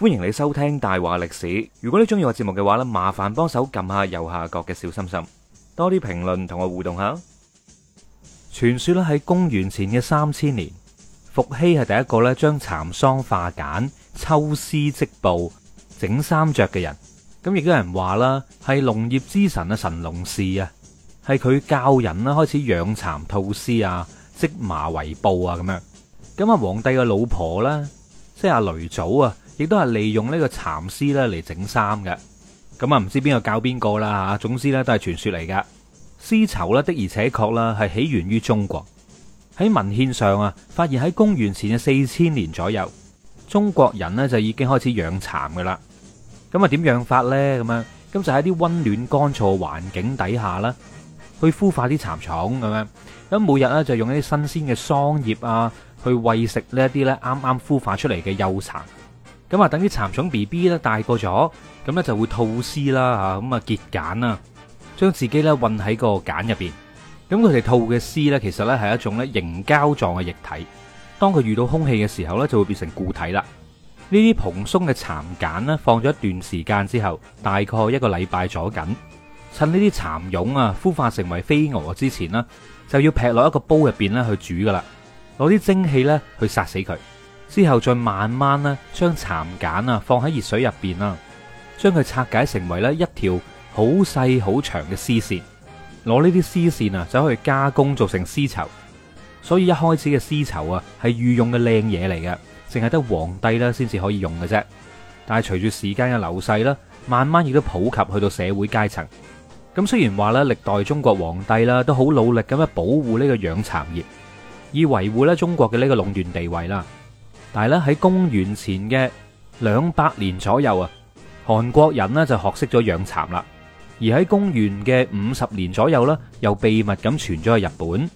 歡迎你收聽大話歷史。如果你中意我節目嘅話呢，麻煩幫手撳下右下角嘅小心心，多啲評論同我互動下。傳說咧喺公元前嘅三千年，伏羲係第一個咧將蠶桑化繭、抽絲織布、整衫着嘅人。咁亦都有人話啦，係農業之神啊，神農氏啊，係佢教人啦開始養蠶吐、吐絲啊、織麻為布啊咁樣。咁啊，皇帝嘅老婆啦，即係阿嫘祖啊。亦都係利用呢個蠶絲咧嚟整衫嘅，咁啊唔知邊個教邊個啦吓。總之呢，都係傳說嚟噶。絲綢呢的而且確啦係起源於中國，喺文獻上啊，發現喺公元前嘅四千年左右，中國人呢就已經開始養蠶噶啦。咁啊點養法呢？咁樣咁就喺啲溫暖乾燥環境底下啦，去孵化啲蠶蟲。咁樣咁每日呢，就，是，就用一啲新鮮嘅桑葉啊去餵食呢一啲呢啱啱孵化出嚟嘅幼蠶。咁啊，等啲蠶蟲 B B 咧大個咗，咁咧就會吐絲啦，吓咁啊結繭啦，將自己咧困喺個繭入邊。咁佢哋吐嘅絲咧，其實咧係一種咧凝膠狀嘅液體，當佢遇到空氣嘅時候咧，就會變成固體啦。呢啲蓬鬆嘅蠶繭呢，放咗一段時間之後，大概一個禮拜咗緊，趁呢啲蠶蛹啊孵化成為飛蛾之前呢，就要劈落一個煲入邊咧去煮噶啦，攞啲蒸汽咧去殺死佢。之後再慢慢咧，將蠶繭啊放喺熱水入邊啦，將佢拆解成為咧一條好細好長嘅絲線，攞呢啲絲線啊就可以加工做成絲綢。所以一開始嘅絲綢啊係御用嘅靚嘢嚟嘅，淨係得皇帝啦先至可以用嘅啫。但係隨住時間嘅流逝啦，慢慢亦都普及去到社會階層。咁雖然話咧，歷代中國皇帝啦都好努力咁樣保護呢個養蠶業，以維護咧中國嘅呢個壟斷地位啦。但係咧喺公元前嘅兩百年左右啊，韓國人呢就學識咗養蠶啦，而喺公元嘅五十年左右呢，又秘密咁傳咗去日本，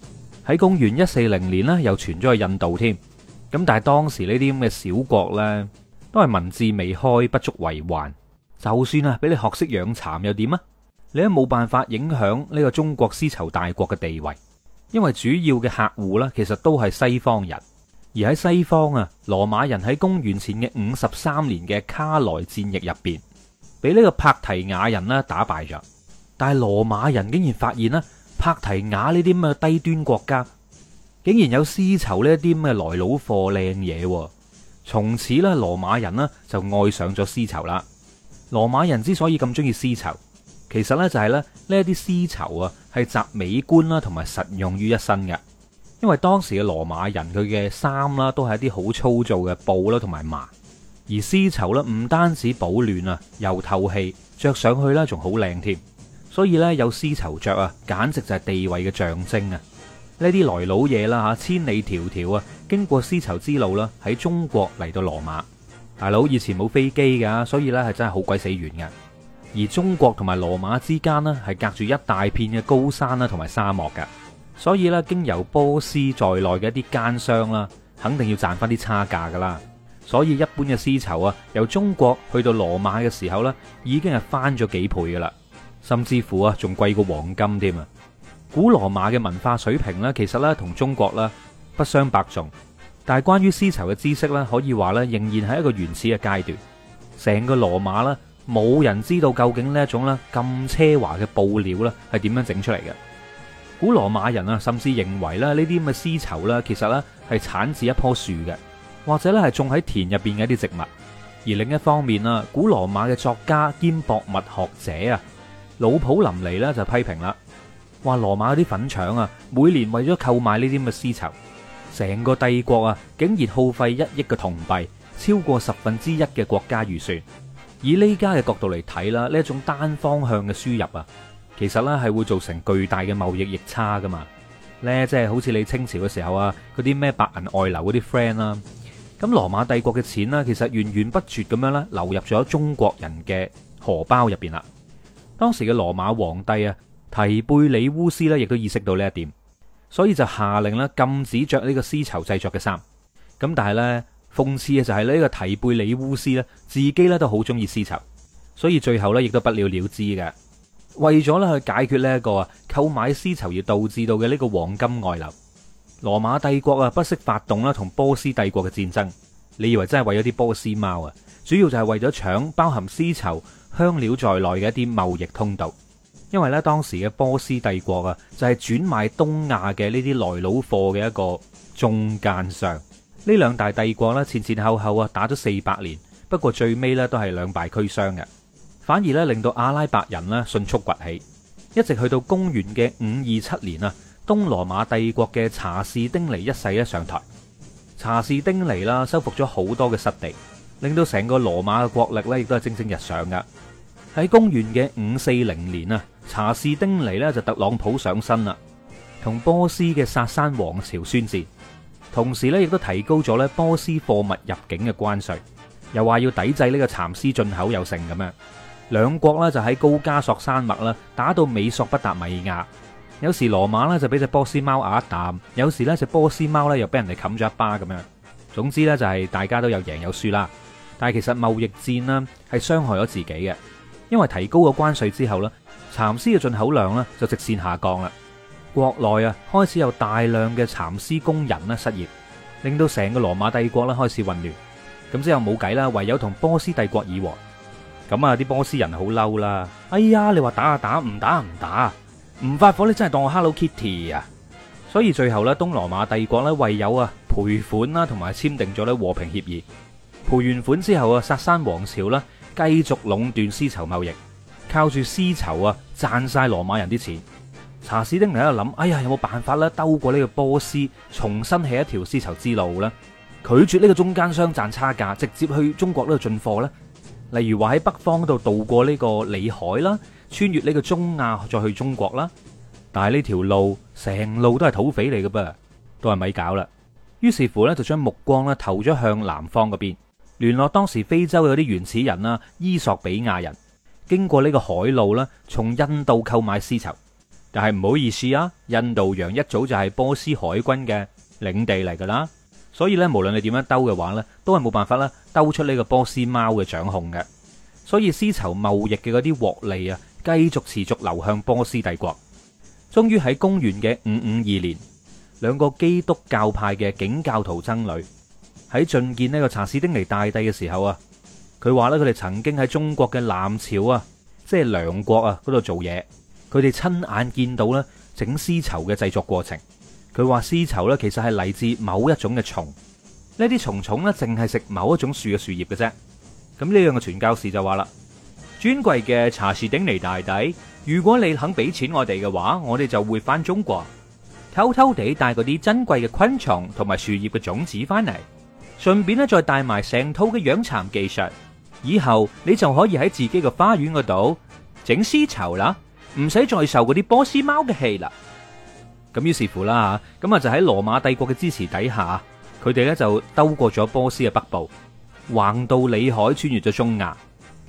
喺公元一四零年呢，又傳咗去印度添。咁但係當時呢啲咁嘅小國呢，都係文字未開，不足為患。就算啊，俾你學識養蠶又點啊？你都冇辦法影響呢個中國絲綢大國嘅地位，因為主要嘅客戶呢，其實都係西方人。而喺西方啊，羅馬人喺公元前嘅五十三年嘅卡萊戰役入邊，俾呢個帕提亞人呢打敗咗。但係羅馬人竟然發現呢，帕提亞呢啲咁嘅低端國家，竟然有絲綢呢啲咁嘅來路貨靚嘢。從此咧，羅馬人呢就愛上咗絲綢啦。羅馬人之所以咁中意絲綢，其實呢就係咧呢啲絲綢啊，係集美觀啦同埋實用於一身嘅。因為當時嘅羅馬人佢嘅衫啦，都係一啲好粗糙嘅布啦，同埋麻。而絲綢咧，唔單止保暖啊，又透氣，着上去咧仲好靚添。所以呢，有絲綢着啊，簡直就係地位嘅象徵啊！呢啲來佬嘢啦，吓，千里迢迢啊，經過絲綢之路啦，喺中國嚟到羅馬。大佬以前冇飛機噶，所以呢係真係好鬼死遠噶。而中國同埋羅馬之間咧，係隔住一大片嘅高山啦，同埋沙漠噶。所以咧，經由波斯在內嘅一啲奸商啦，肯定要賺翻啲差價噶啦。所以一般嘅絲綢啊，由中國去到羅馬嘅時候咧，已經係翻咗幾倍噶啦，甚至乎啊，仲貴過黃金添啊。古羅馬嘅文化水平咧，其實咧同中國咧不相伯仲，但係關於絲綢嘅知識咧，可以話咧仍然係一個原始嘅階段。成個羅馬咧，冇人知道究竟呢一種咧咁奢華嘅布料咧係點樣整出嚟嘅。古羅馬人啊，甚至認為咧呢啲咁嘅絲綢咧，其實咧係產自一棵樹嘅，或者咧係種喺田入邊嘅一啲植物。而另一方面啊，古羅馬嘅作家兼博物學者啊，老普林尼咧就批評啦，話羅馬啲粉腸啊，每年為咗購買呢啲咁嘅絲綢，成個帝國啊，竟然耗費一億嘅銅幣，超過十分之一嘅國家預算。以呢家嘅角度嚟睇啦，呢一種單方向嘅輸入啊。其實呢係會造成巨大嘅貿易逆差噶嘛？呢即係好似你清朝嘅時候啊，嗰啲咩白銀外流嗰啲 friend 啦，咁羅馬帝國嘅錢呢，其實源源不絕咁樣呢流入咗中國人嘅荷包入邊啦。當時嘅羅馬皇帝啊，提貝里烏斯呢，亦都意識到呢一點，所以就下令呢禁止着呢個絲綢製作嘅衫。咁但係呢，諷刺嘅就係呢個提貝里烏斯呢，自己呢都好中意絲綢，所以最後呢，亦都不了了之嘅。為咗咧去解決呢、這、一個啊購買絲綢而導致到嘅呢個黃金外流，羅馬帝國啊不惜發動啦同波斯帝國嘅戰爭。你以為真係為咗啲波斯貓啊？主要就係為咗搶包含絲綢、香料在內嘅一啲貿易通道。因為咧當時嘅波斯帝國啊就係轉賣東亞嘅呢啲來佬貨嘅一個中間商。呢兩大帝國咧前前後後啊打咗四百年，不過最尾咧都係兩敗俱傷嘅。反而咧令到阿拉伯人咧迅速崛起，一直去到公元嘅五二七年啊，東羅馬帝國嘅查士丁尼一世上台。查士丁尼啦，收復咗好多嘅失地，令到成個羅馬嘅國力咧亦都係蒸蒸日上噶。喺公元嘅五四零年啊，查士丁尼咧就特朗普上身啦，同波斯嘅薩珊王朝宣戰，同時咧亦都提高咗咧波斯貨物入境嘅關稅，又話要抵制呢個蠶絲進口又成咁樣。兩國咧就喺高加索山脈啦，打到美索不達米亞。有時羅馬咧就俾隻波斯貓咬一啖，有時咧隻波斯貓咧又俾人哋冚咗一巴咁樣。總之咧就係大家都有贏有輸啦。但係其實貿易戰咧係傷害咗自己嘅，因為提高咗關稅之後呢，蠶絲嘅進口量咧就直線下降啦。國內啊開始有大量嘅蠶絲工人咧失業，令到成個羅馬帝國咧開始混亂。咁之後冇計啦，唯有同波斯帝國議和。咁啊！啲波斯人好嬲啦！哎呀，你話打啊打，唔打唔打，唔發火你真係當我 Hello Kitty 啊！所以最後咧，東羅馬帝國咧唯有啊賠款啦，同埋簽訂咗咧和平協議。賠完款之後啊，薩珊王朝呢，繼續壟斷絲綢貿易，靠住絲綢啊賺晒羅馬人啲錢。查士丁尼喺度諗：哎呀，有冇辦法咧兜過呢個波斯，重新起一條絲綢之路咧？拒絕呢個中間商賺差價，直接去中國呢度進貨咧？例如話喺北方度渡過呢個裏海啦，穿越呢個中亞再去中國啦，但係呢條路成路都係土匪嚟嘅噃，都係咪搞啦？於是乎呢，就將目光咧投咗向南方嗰邊，聯絡當時非洲有啲原始人啊，伊索比亞人，經過呢個海路啦，從印度購買絲綢，但係唔好意思啊，印度洋一早就係波斯海軍嘅領地嚟㗎啦。所以咧，無論你點樣兜嘅話呢都係冇辦法啦，兜出呢個波斯貓嘅掌控嘅。所以絲綢貿易嘅嗰啲獲利啊，繼續持續流向波斯帝國。終於喺公元嘅五五二年，兩個基督教派嘅景教徒僧侶喺進見呢個查士丁尼大帝嘅時候啊，佢話咧佢哋曾經喺中國嘅南朝啊，即係梁國啊嗰度做嘢，佢哋親眼見到咧整絲綢嘅製作過程。佢話絲綢咧，其實係嚟自某一種嘅蟲，呢啲蟲蟲咧淨係食某一種樹嘅樹葉嘅啫。咁呢樣嘅傳教士就話啦：，尊貴嘅茶士丁尼大帝，如果你肯俾錢我哋嘅話，我哋就會翻中國，偷偷地帶嗰啲珍貴嘅昆蟲同埋樹葉嘅種子翻嚟，順便咧再帶埋成套嘅養蠶技術，以後你就可以喺自己嘅花園嗰度整絲綢啦，唔使再受嗰啲波斯貓嘅氣啦。咁於是乎啦嚇，咁啊就喺羅馬帝國嘅支持底下，佢哋咧就兜過咗波斯嘅北部，橫到裏海，穿越咗中亞，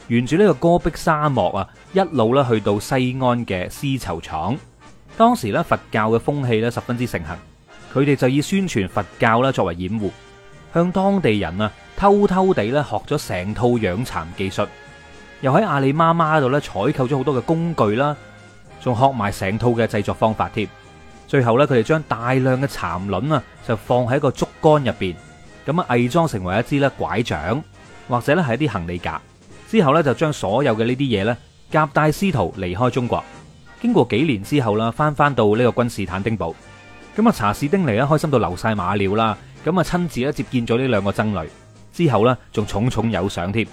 沿住呢個戈壁沙漠啊，一路咧去到西安嘅絲綢廠。當時咧佛教嘅風氣咧十分之盛行，佢哋就以宣傳佛教啦作為掩護，向當地人啊偷偷地咧學咗成套養蠶技術，又喺阿里媽媽度咧採購咗好多嘅工具啦，仲學埋成套嘅製作方法添。最後咧，佢哋將大量嘅蠶卵啊，就放喺個竹竿入邊，咁啊偽裝成為一支咧拐杖，或者咧係一啲行李架。之後咧就將所有嘅呢啲嘢咧夾帶師徒離開中國。經過幾年之後啦，翻翻到呢個君士坦丁堡，咁啊查士丁尼啊開心到流晒馬尿啦，咁啊親自啊接見咗呢兩個僧侶，之後咧仲重重有賞添。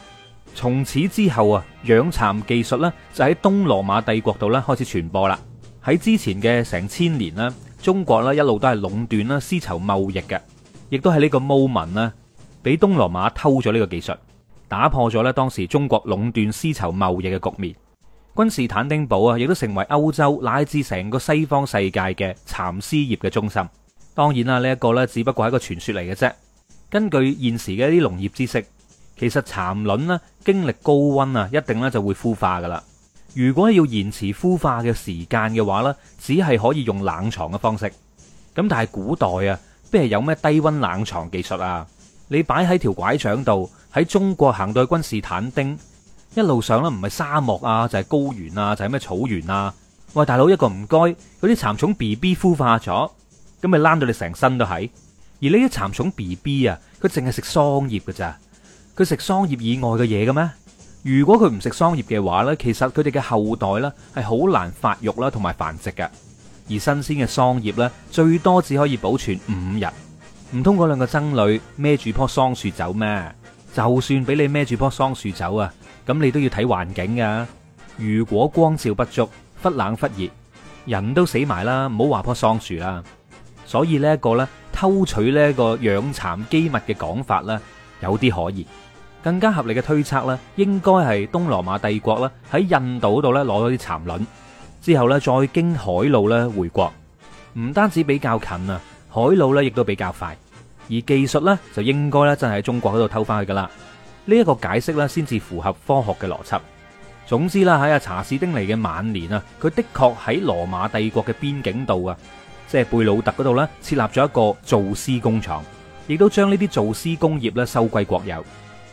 從此之後啊，養蠶技術咧就喺東羅馬帝國度咧開始傳播啦。喺之前嘅成千年咧，中國咧一路都係壟斷啦絲綢貿易嘅，亦都係呢個 moment 啊，俾東羅馬偷咗呢個技術，打破咗咧當時中國壟斷絲綢貿易嘅局面。君士坦丁堡啊，亦都成為歐洲乃至成個西方世界嘅蠶絲業嘅中心。當然啦，呢、這、一個呢，只不過係一個傳說嚟嘅啫。根據現時嘅一啲農業知識，其實蠶卵呢經歷高温啊，一定呢就會孵化噶啦。如果要延遲孵化嘅時間嘅話呢，只係可以用冷藏嘅方式。咁但係古代啊，邊係有咩低溫冷藏技術啊？你擺喺條拐杖度，喺中國行到去君士坦丁，一路上咧唔係沙漠啊，就係高原啊，就係咩草原啊？喂，大佬一個唔該，有啲蠶蟲 B B 孵化咗，咁咪躝到你成身都係。而呢啲蠶蟲 B B 啊，佢淨係食桑葉嘅咋？佢食桑葉以外嘅嘢嘅咩？如果佢唔食桑葉嘅話呢，其實佢哋嘅後代呢係好難發育啦，同埋繁殖嘅。而新鮮嘅桑葉呢，最多只可以保存五日。唔通嗰兩個僧侶孭住棵桑樹走咩？就算俾你孭住棵桑樹走啊，咁你都要睇環境噶。如果光照不足、忽冷忽熱，人都死埋啦，唔好話棵桑樹啦。所以呢、這、一個呢，偷取呢一個養蠶機密嘅講法呢，有啲可疑。更加合理嘅推測咧，應該係東羅馬帝國咧喺印度嗰度咧攞咗啲蠶卵之後咧，再經海路咧回國。唔單止比較近啊，海路咧亦都比較快。而技術咧就應該咧真係喺中國嗰度偷返去㗎喇。呢、這、一個解釋咧先至符合科學嘅邏輯。總之啦，喺阿查士丁尼嘅晚年啊，佢的確喺羅馬帝國嘅邊境度啊，即係貝魯特嗰度咧設立咗一個造絲工廠，亦都將呢啲造絲工業咧收歸國有。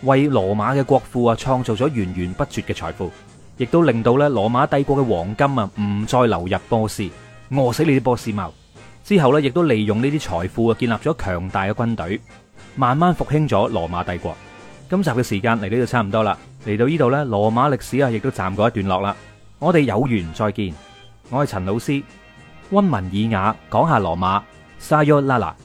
為羅馬嘅國庫啊，創造咗源源不絕嘅財富，亦都令到咧羅馬帝國嘅黃金啊，唔再流入波斯，餓死你啲波斯貓。之後咧，亦都利用呢啲財富啊，建立咗強大嘅軍隊，慢慢復興咗羅馬帝國。今集嘅時間嚟到呢度差唔多啦，嚟到呢度咧，羅馬歷史啊，亦都暫告一段落啦。我哋有緣再見，我係陳老師，溫文爾雅，講下羅馬，沙喲拉拉。